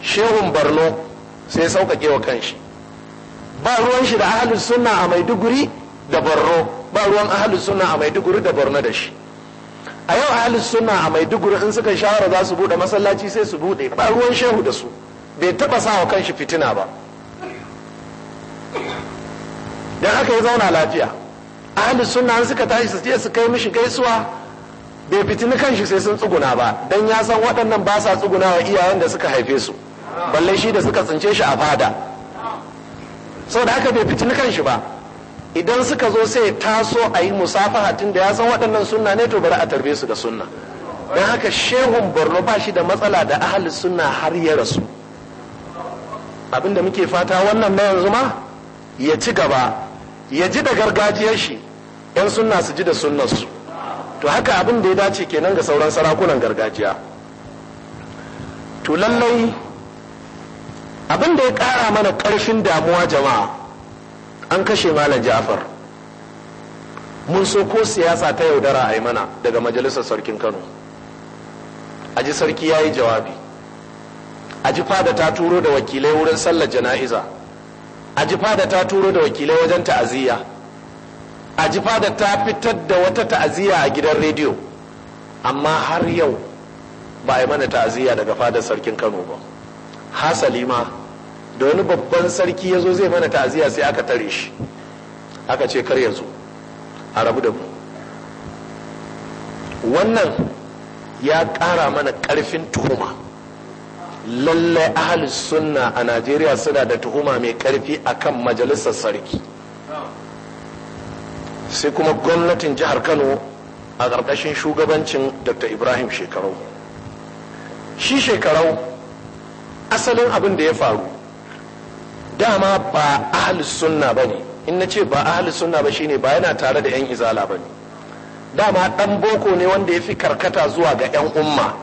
shehun barno sai sauƙaƙe wa shi. ba ruwan shi da ahalin suna a maiduguri da borno ba ruwan ahalus suna a maiduguri da borno da shi a yau ahalus suna a maiduguri in suka shawara za su bude masallaci sai su bude ba ruwan shehu da su bai taba sa wa kanshi fitina ba dan haka ya zauna lafiya ahalus suna in suka tashi su je su kai mishi gaisuwa bai fitini kanshi sai sun tsuguna ba dan ya san waɗannan ba sa tsuguna wa iyayen da suka haife su balle shi da suka tsince shi a fada sau da haka bai fitini kanshi ba idan suka zo sai taso a yi musafaha tun da ya san waɗannan sunna ne to bari a tarbe su da sunna don haka shehun borno ba shi da matsala da ahli sunna har ya rasu abinda muke fata wannan na yanzu ma ya ci gaba ya ji da gargajiyar shi yan sunna su ji da sunnar su to haka abin da ya dace kenan ga sauran sarakunan gargajiya to lallai abin da ya ƙara mana ƙarfin damuwa jama'a an kashe malam ja'far mun so ko siyasa ta yaudara a mana daga majalisar sarkin kano a ji sarki ya yi jawabi a ji fada ta turo da wakilai wurin sallar jana'iza a ji fada ta turo da wakilai wajen ta'aziyya a ji fada ta fitar da wata ta'aziyya a gidan rediyo amma har yau ba a yi mana ta'aziyya daga fadar sarkin kano ba hasali ma da wani babban sarki ya zo zai mana ta'aziyya sai aka tare shi aka ce kar ya zo a rabu da mu wannan ya ƙara mana ƙarfin tuhuma lallai ahalin sunna a najeriya suna da tuhuma mai ƙarfi kan majalisar sarki sai kuma gwamnatin jihar kano a ƙarƙashin shugabancin dr ibrahim shekarau shi shekarau asalin abin da ya faru dama ba ahli sunna ba ne in na ce ba ahlus sunna ba shine ba yana tare da yan izala ba ne dama dan boko ne wanda ya fi karkata zuwa ga yan umma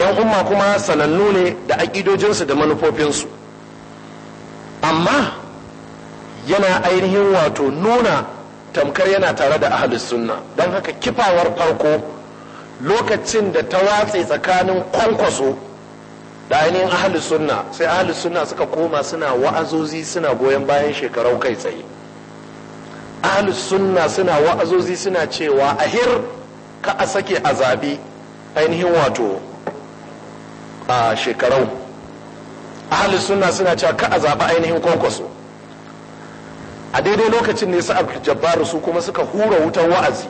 yan umma kuma sanannu ne da aƙidojinsu da manufofinsu amma yana ainihin wato nuna tamkar yana tare da ahlus sunna don haka kifawar farko lokacin da ta watse tsakanin kwankwaso da ainihin ahli sunna sai ahli sunna suka koma suna wa'azozi suna goyon bayan shekarau kai tsaye ahli sunna suna wa'azozi suna cewa ahir ka a sake a zaɓi ainihin wato a shekarau ahli sunna suna cewa ka a zaɓi ainihin kwankwaso a daidai lokacin ne su jabbaru su kuma suka hura wutan wa'azi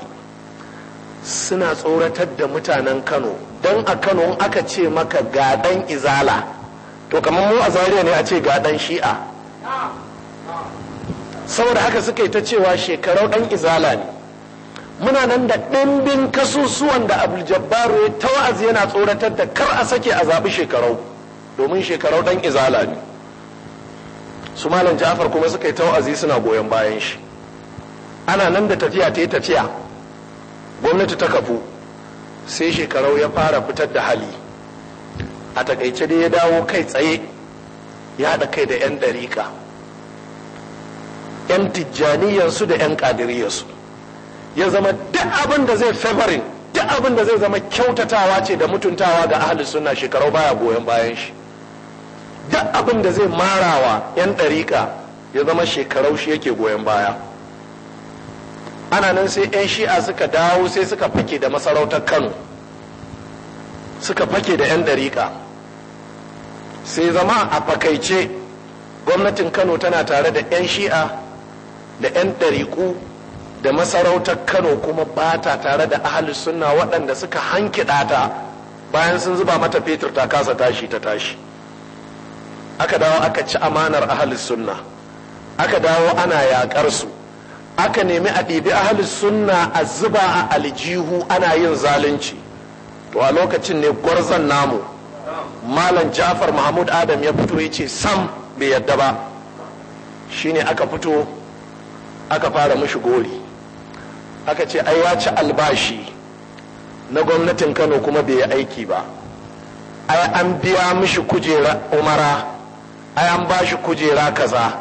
suna tsoratar da mutanen kano don a kano aka ce maka Gadan izala to kamar mu a zariya ne a ce Gadan shi'a saboda haka suka yi ta cewa shekarau dan izala ne muna nan da ɗimbin kasusuwan da abul ya ta wa'azi yana tsoratar da kar a sake a zaɓi shekarau domin shekarau dan izala ne su malam ja'far kuma suka yi ta wa'azi suna goyon bayan shi ana nan da tafiya ta yi tafiya gwamnati ta kafu sai shekarau ya fara fitar da hali a takaice dai ya dawo kai tsaye ya haɗa kai da 'yan ɗariƙa 'yan tijjaniyarsu da 'yan ƙadiriyarsu ya zama duk abin da zai favorin duk abin da zai zama kyautatawa ce da mutuntawa ga ahli suna shekarau baya goyon bayan shi duk abin da zai marawa 'yan ɗariƙa ya zama shekarau shi yake goyon baya ana nan sai 'yan shi'a suka dawo sai suka fake da masarautar kano suka fake da 'yan dariƙa sai zama a fakaice gwamnatin kano tana tare da 'yan shi'a da 'yan dariƙu da masarautar kano kuma ba ta tare da ahalus sunna waɗanda suka hankida ta bayan sun zuba mata fetur ta kasa tashi ta tashi aka dawo aka ci amanar ahalus sunna aka dawo ana yaƙar su aka nemi a ɗibi ahalus sunna a zuba a aljihu ana yin zalunci to a lokacin ne gwarzon namu malam jafar mahmud adam ya fito ya ce sam bai yadda ba Shi ne aka fito aka fara mashi gori aka ce ai ya ci albashi na gwamnatin kano kuma bai yi aiki ba ai an biya mishi kujera umara ai an ba shi kujera kaza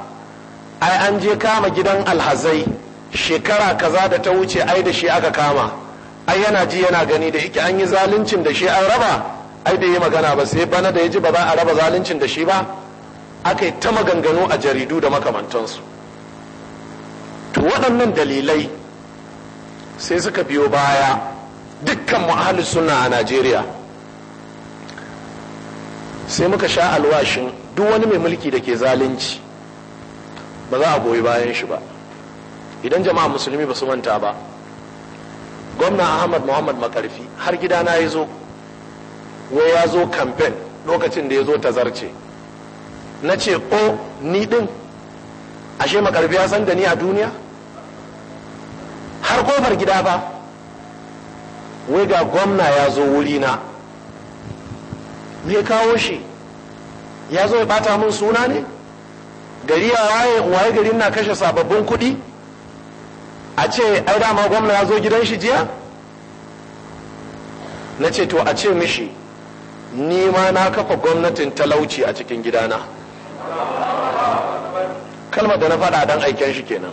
ai an je kama gidan alhazai shekara kaza da ta wuce ai da shi aka kama ai yana ji yana gani da yake an yi zaluncin da shi an raba ai da yi magana ba sai bana da ya ji ba za a raba zaluncin da shi ba aka yi ta maganganu a jaridu da makamantansu to waɗannan dalilai sai suka biyo baya dukkan mu'ahalin suna a najeriya sai muka sha alwashin duk wani mai mulki da ke zalunci ba za a goyi bayan shi ba idan jama'a musulmi ba su manta ba gwamna ahmad muhammad makarfi har gida na ya zo wai ya zo kamfen lokacin da ya zo tazarce na ce o ni din ashe makarfi ya san da ni a duniya har kofar gida ba wai ga gwamna ya zo wurina me kawo shi ya zo ya bata mun suna ne gari ya waye gari na kashe sababbin kuɗi a ce ai dama gwamna ya zo gidan shi jiya na ce to a ce mishi ni ma na kafa gwamnatin talauci a cikin gidana kalmar da na faɗa dan aikin shi kenan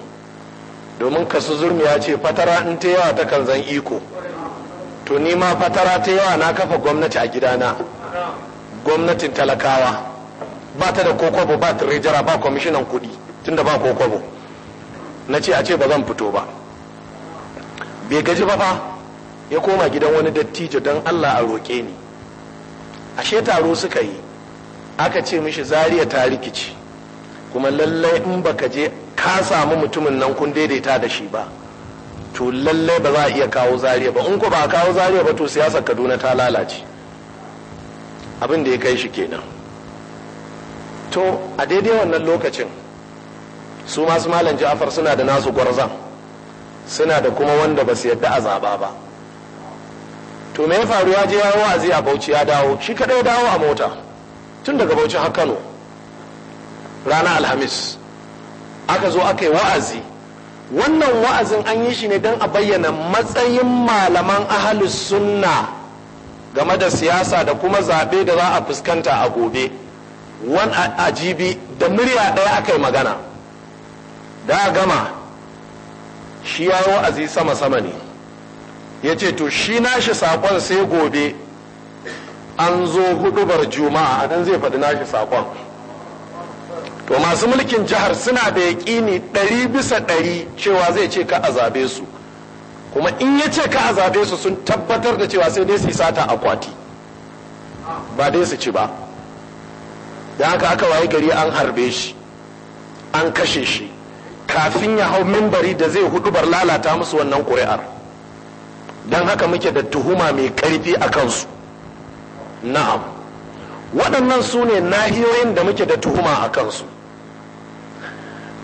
domin kasu zurmi ya ce fatara in ta yawa ta kan zan iko to ni ma fatara ta yawa na kafa gwamnati a gidana gwamnatin talakawa ba ta da kokobo ba ta ba kwamishinan kuɗi tunda ba kokobo na ce a ce ba zan fito ba bai gaji ba fa ya koma gidan wani dattijo don allah a roƙe ni ashe taro suka yi aka ce mishi zariya ta rikici kuma lallai in baka je ka samu mutumin nan kun daidaita da shi ba to lallai ba za a iya kawo zariya ba in ko ba a kawo zariya ba to siyasar kaduna ta lalace abin da ya kai shi kenan to a daidai wannan lokacin su masu malam ja'afar suna da nasu gwarzan suna da kuma wanda ba su yadda a zaba ba to me ya faru ya je ya wa'azi a bauchi ya dawo shi kadai ya dawo a mota tun daga bauchi har kano rana alhamis aka zo aka yi wa'azi wannan wa'azin an yi shi ne don a bayyana matsayin malaman ahalus sunna game da siyasa da kuma zaɓe da za a fuskanta a gobe wani ajibi da murya ɗaya aka yi magana da gama shi ya wa'azi sama-sama ne ya ce to shi nashi sakon sai gobe an zo hudubar juma'a nan zai faɗi nashi sakon to masu mulkin jihar suna da yaƙini ɗari bisa ɗari cewa zai ce ka a su kuma in ya ce ka a su sun tabbatar da cewa sai dai su sata akwati ba dai su ci ba da haka aka waye gari an harbe shi an kashe shi kafin ya hau mimbari da zai bar lalata musu wannan ƙuri'ar don haka muke da tuhuma mai ƙarfi a kansu na'am waɗannan su ne nahiyoyin da muke da tuhuma a kansu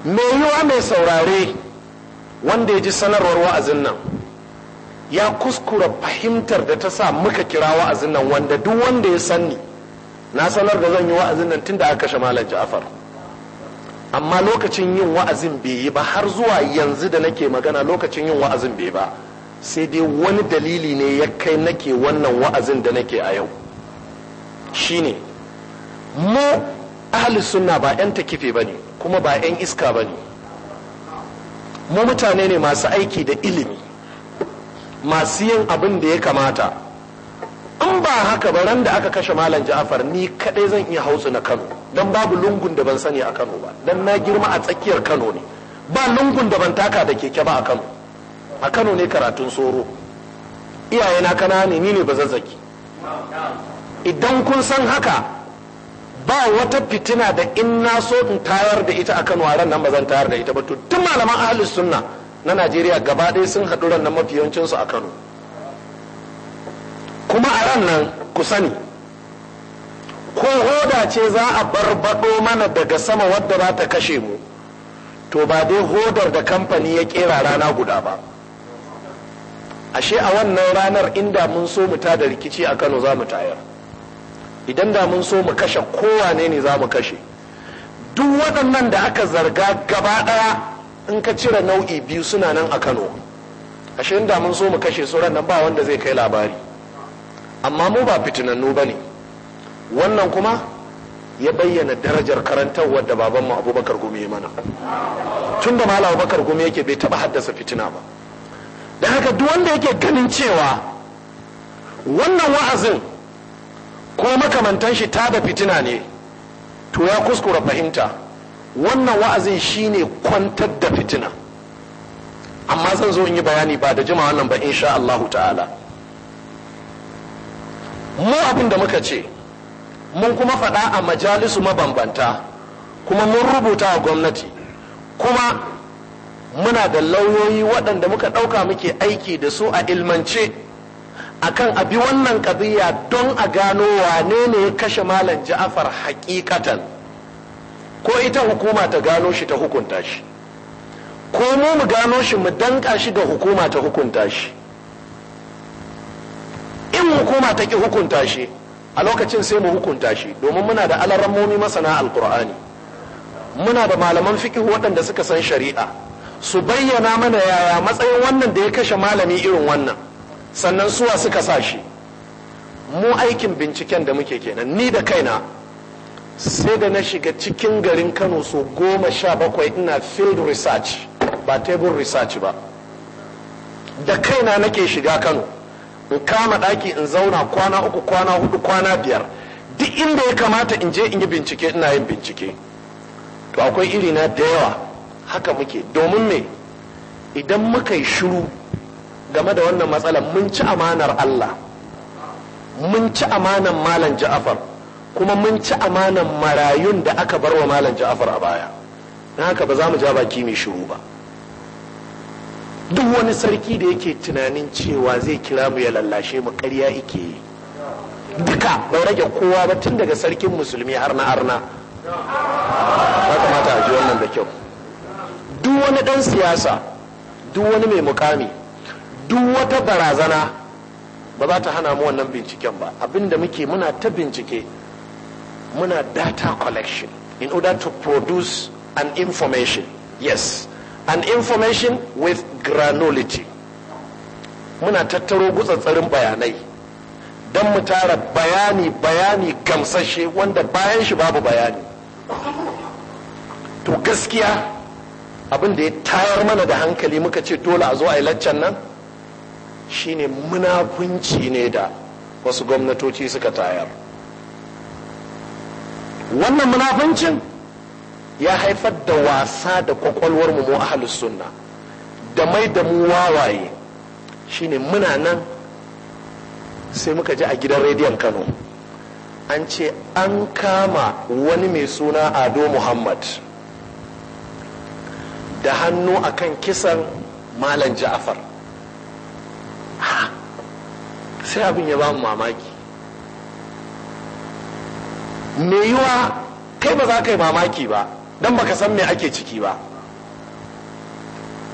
mai yiwa mai saurare wanda ya ji sanarwar wa'azin nan ya kuskura fahimtar da ta sa muka kira wa'azin nan wanda duk wanda ya sanni na sanar da zan yi wa'azin nan tun da aka kashe malam ja'afar amma lokacin yin wa'azin bai yi ba har zuwa yanzu da nake magana lokacin yin wa'azin bai ba sai dai wani dalili ne ya kai nake wannan wa'azin da nake a yau shine mu ahli sunna ba 'yan takife ba ne kuma ba 'yan iska ba ne mu mutane ne masu aiki da ilimi masu yin abin da ya kamata in ba haka ba ran da aka kashe malam ja'afar ni kadai zan iya hausu na kano don babu lungun da ban sani a kano ba don na girma a tsakiyar kano ne ba lungun da ban taka da keke ba a kano a kano ne karatun tsoro iyaye na kana ne ni ne ba zazzaki idan kun san haka ba wata fitina da in na so in tayar da ita a kano a ran nan ba zan tayar da ita ba to tun malaman ahlus sunna na najeriya gaba ɗaya sun haɗu ran nan mafi yawancinsu a kano kuma a ran nan ku sani ko hoda ce za a barbaɗo mana daga sama wadda za ta kashe mu to ba dai hodar da kamfani ya kera rana guda ba ashe a wannan ranar inda mun so mu ta da rikici a kano za mu tayar idan da mun so mu kashe kowane ne za mu kashe duk waɗannan da aka zarga gaba ɗaya in ka cire nau'i biyu suna nan a kano ashe inda mun so mu kashe su nan ba wanda zai kai labari amma mu ba fitinannu ba ne wannan kuma ya bayyana darajar karantarwa da babanmu abubakar gumi ya mana tun da malam abubakar gumi yake bai taba haddasa fitina ba da haka duk wanda yake ganin cewa wannan wa'azin ko makamantan shi ta da fitina ne to ya kuskura fahimta wannan wa'azin shine kwantar da fitina amma zan zo in yi bayani ba da jima wannan ba insha Allahu ta'ala mu abin da muka ce mun kuma faɗa a majalisu mabambanta kuma mun rubuta a gwamnati kuma muna da lauyoyi waɗanda muka ɗauka muke aiki da su a ilmance akan abi wannan ƙabiya don a gano wane ne ya kashe malam ja'afar hakikatan ko ita hukuma ta gano shi ta hukunta shi ko mu mu gano shi mu danƙa shi da hukuma ta hukunta shi hukuma ta ki hukunta shi a lokacin sai mu hukunta shi domin muna da alarammomi masana alkur'ani muna da malaman fikihu waɗanda suka san shari'a su bayyana mana yaya matsayin wannan da ya kashe malami irin wannan sannan suwa suka sa shi mu aikin binciken da muke kenan ni da kaina sai da na shiga cikin garin kano su goma sha bakwai ina field research ba table research ba da kaina nake shiga kano in kama daki in zauna kwana uku kwana hudu kwana biyar duk inda ya kamata in je in yi bincike ina yin bincike to akwai iri na da yawa haka muke domin me idan muka yi shiru game da wannan matsalar mun ci amanar Allah mun ci amanar malam Ja'far kuma mun ci amanar marayun da aka bar wa malam Ja'far a baya na haka ba za mu ja baki mai shiru ba duk wani sarki da yake tunanin cewa zai kira mu ya lallashe mu karya ike yi duka bai rage kowa ba tun daga sarkin musulmi har na arna ya kamata a ji wannan da kyau duk wani dan siyasa duk wani mai mukami duk wata barazana ba za ta hana mu wannan binciken ba abinda muke muna ta bincike muna data collection in order to produce an information yes An information with granularity muna tattaro gutsatsarin bayanai don mu tara bayani bayani gamsashe wanda bayan shi babu bayani to gaskiya abin da ya tayar mana da hankali muka ce dole a zo a yi laccan nan shine munafunci ne da wasu gwamnatoci suka tayar wannan munafuncin ya haifar da wasa da kwakwalwar mu ahalus sunna da mai da mu wawaye shine muna nan sai muka ji a gidan rediyon kano an ce an kama wani mai suna ado muhammad da hannu a kan kisan malam ja'afar sai abin ya ba mu mamaki me yiwa kai ba za ka yi mamaki ba don baka san me ake ciki ba